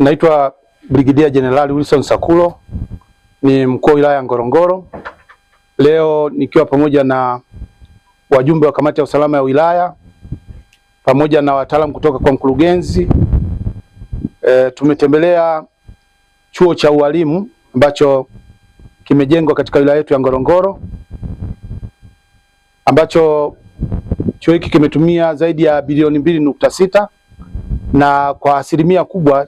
Naitwa Brigedia Jenerali Wilson Sakulo, ni mkuu wa wilaya ya Ngorongoro. Leo nikiwa pamoja na wajumbe wa kamati ya usalama ya wilaya pamoja na wataalamu kutoka kwa mkurugenzi e, tumetembelea chuo cha ualimu ambacho kimejengwa katika wilaya yetu ya Ngorongoro, ambacho chuo hiki kimetumia zaidi ya bilioni mbili nukta sita na kwa asilimia kubwa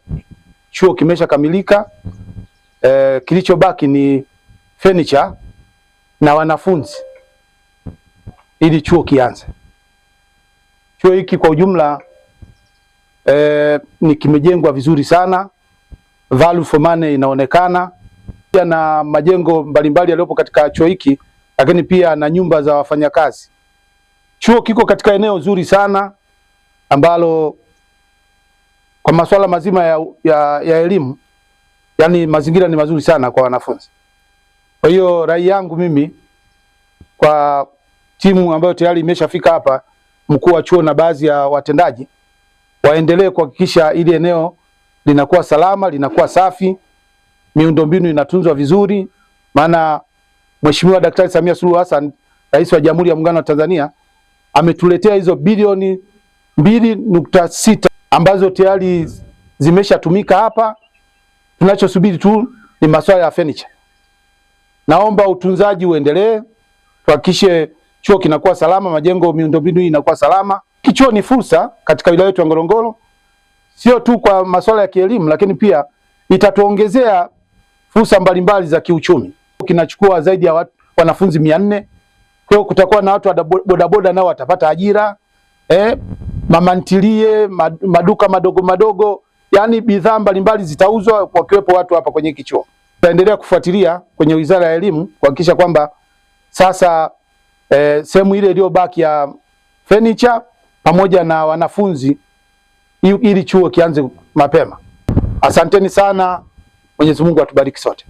chuo kimeshakamilika. E, kilichobaki ni furniture na wanafunzi ili chuo kianze. Chuo hiki kwa ujumla e, ni kimejengwa vizuri sana, value for money inaonekana, pia na majengo mbalimbali yaliyopo katika chuo hiki, lakini pia na nyumba za wafanyakazi. Chuo kiko katika eneo zuri sana ambalo kwa masuala mazima ya, ya, ya elimu, yani mazingira ni mazuri sana kwa wanafunzi. Kwa hiyo rai yangu mimi kwa timu ambayo tayari imeshafika hapa, mkuu wa chuo na baadhi ya watendaji waendelee kuhakikisha ili eneo linakuwa salama, linakuwa safi, miundombinu inatunzwa vizuri, maana Mheshimiwa Daktari Samia Suluhu Hassan, Rais wa Jamhuri ya Muungano wa Tanzania, ametuletea hizo bilioni mbili nukta sita ambazo tayari zimeshatumika hapa. Tunachosubiri tu ni masuala ya furniture. Naomba utunzaji uendelee, tuhakikishe chuo kinakuwa salama, majengo, miundombinu inakuwa salama. Kichuo ni fursa katika wilaya yetu ya Ngorongoro, sio tu kwa masuala ya kielimu, lakini pia itatuongezea fursa mbalimbali za kiuchumi. Kinachukua zaidi ya watu, wanafunzi mia nne. Kwa hiyo kutakuwa na watu wa bodaboda nao watapata ajira eh mamantilie, maduka madogo madogo, yani bidhaa mbalimbali zitauzwa, wakiwepo watu hapa kwenye kichuo. Tutaendelea kufuatilia kwenye Wizara ya Elimu kuhakikisha kwamba sasa e, sehemu ile iliyobaki ya furniture pamoja na wanafunzi ili chuo kianze mapema. Asanteni sana. Mwenyezi Mungu atubariki sote.